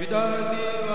bidaadi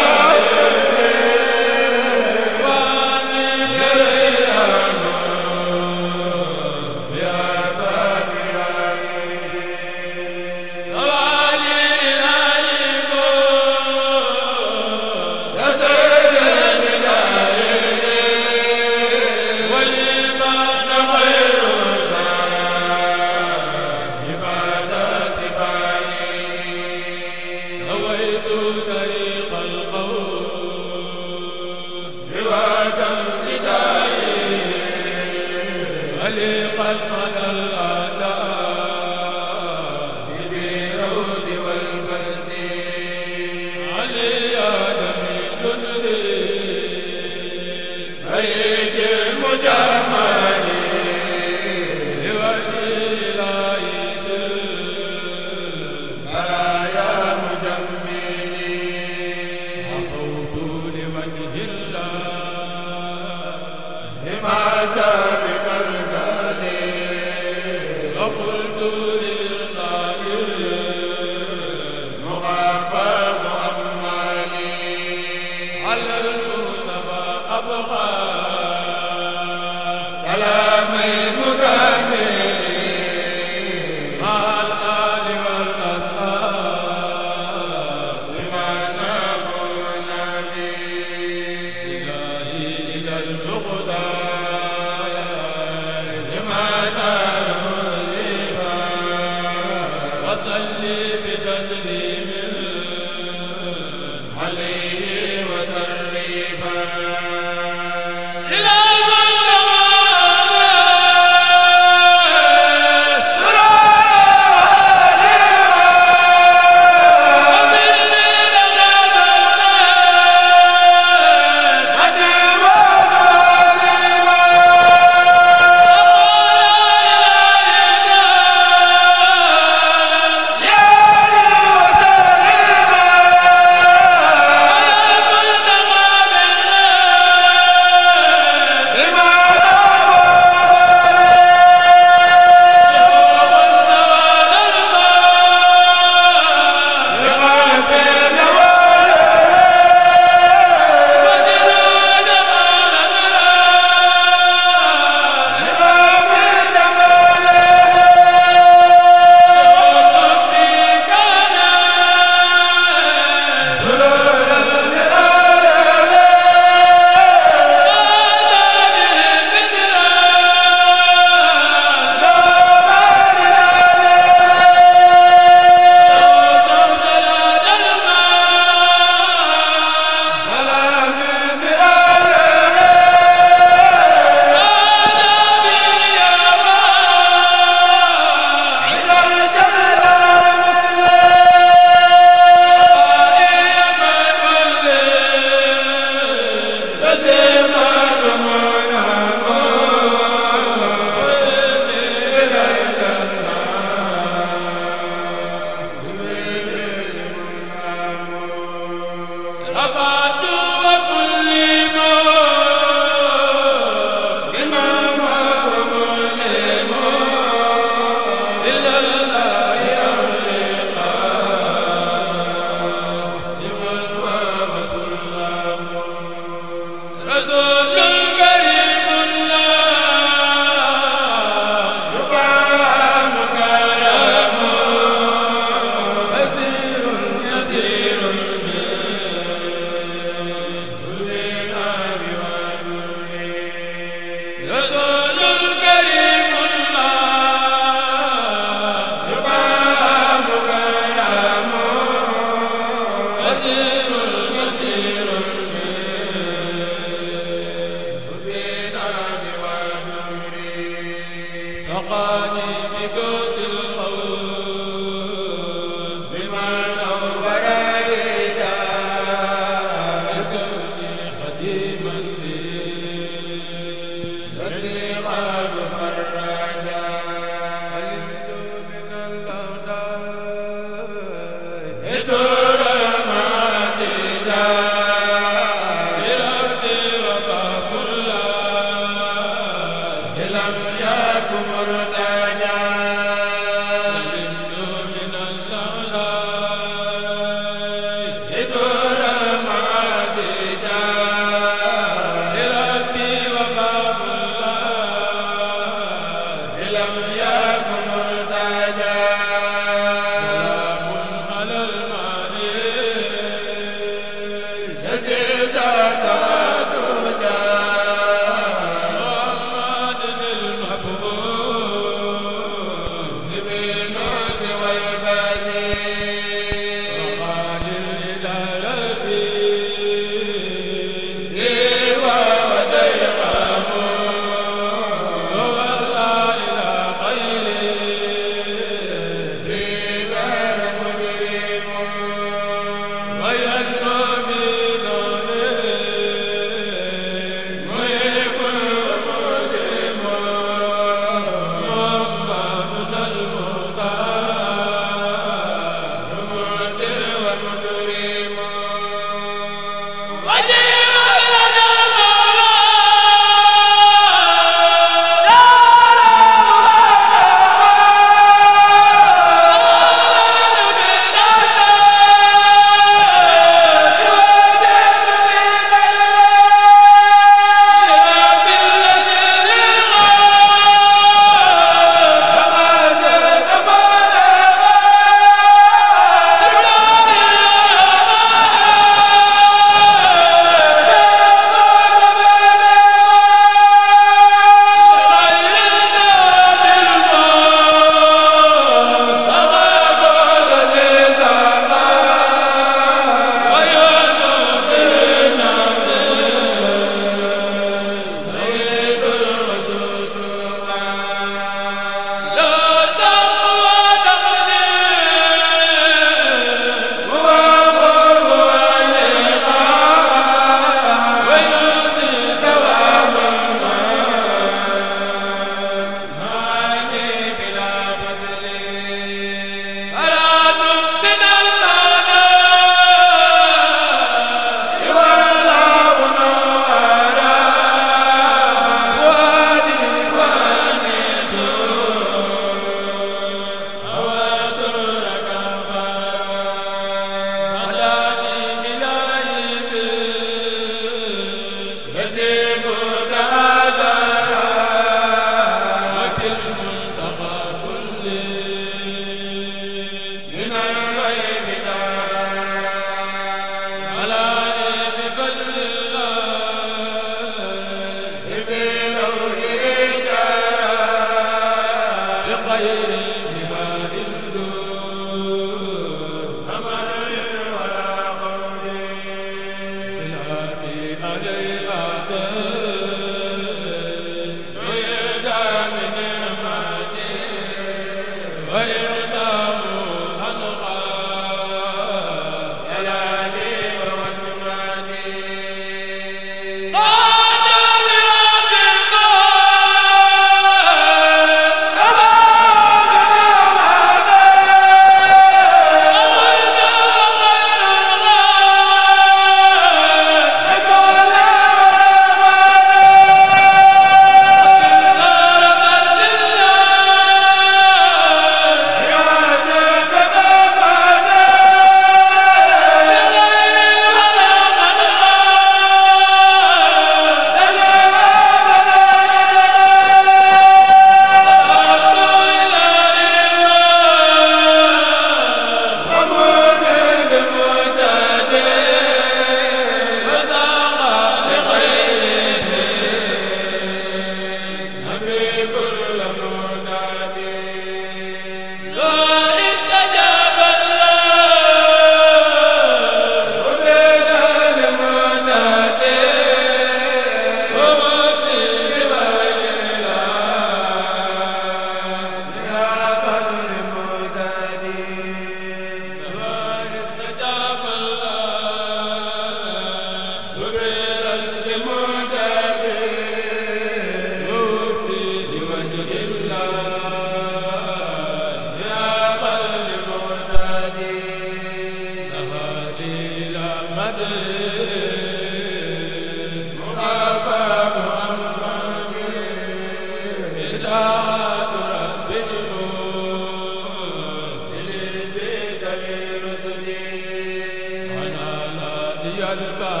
akbar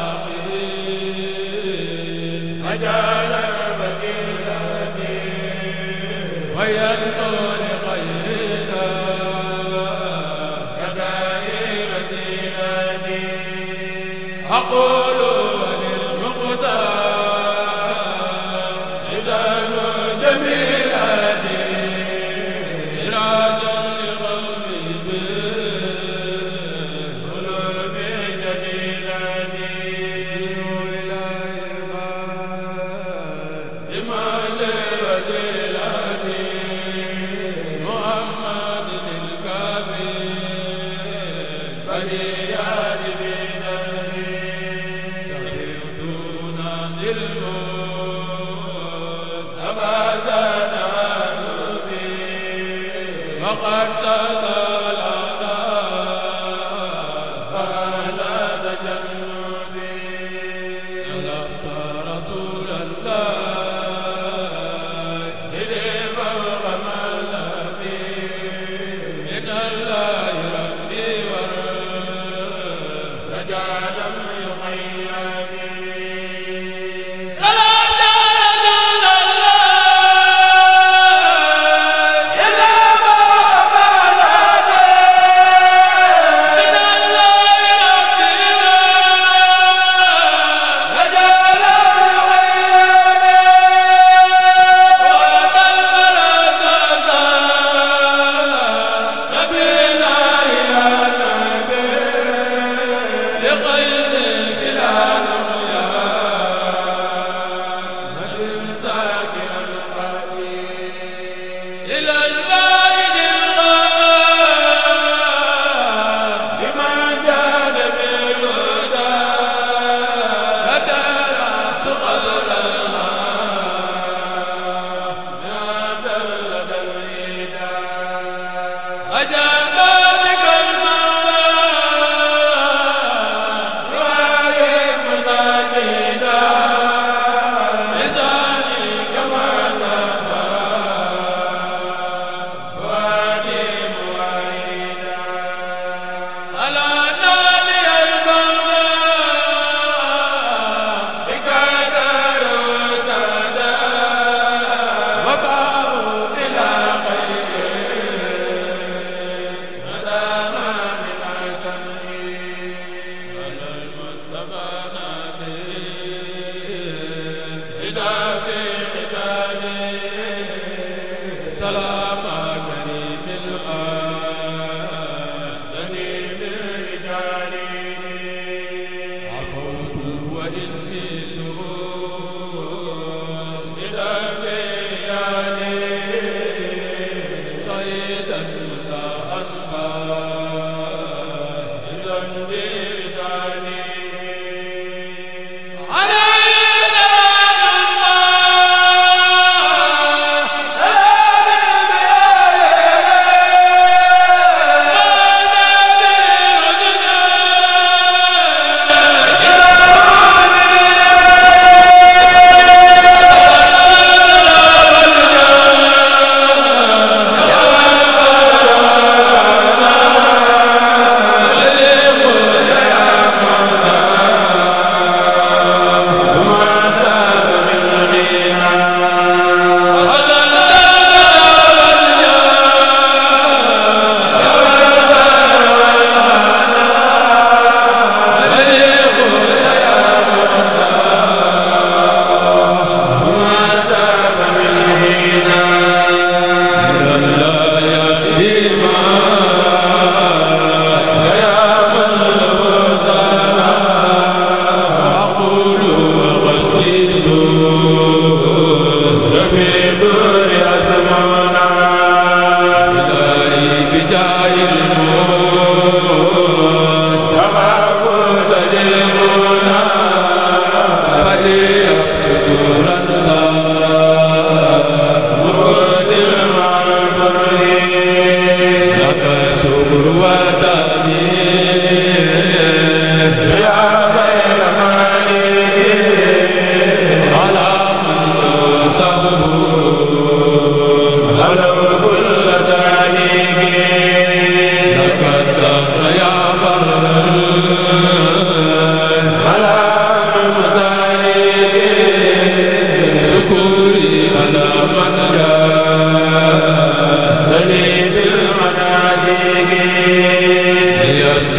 لست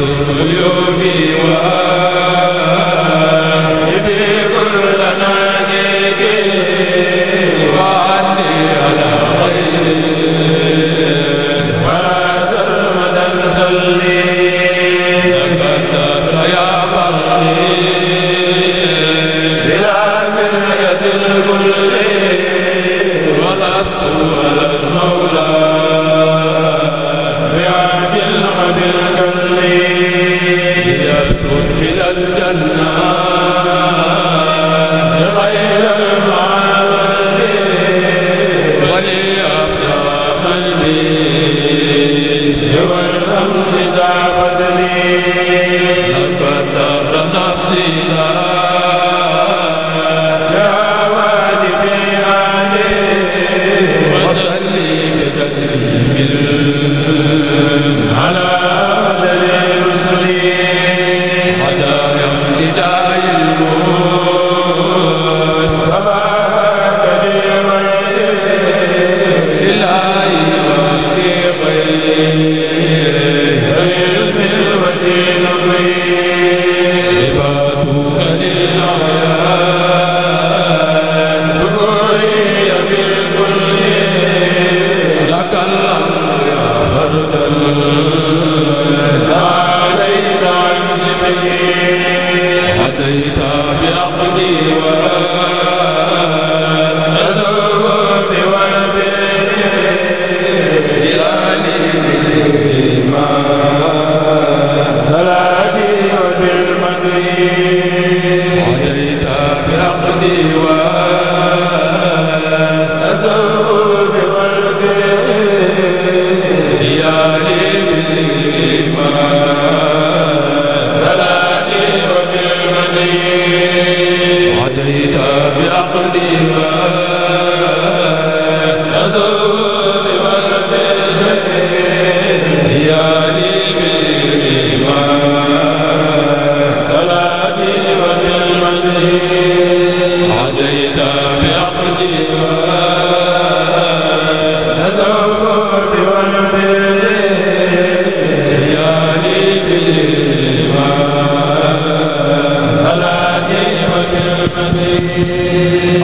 يومي وأنا wali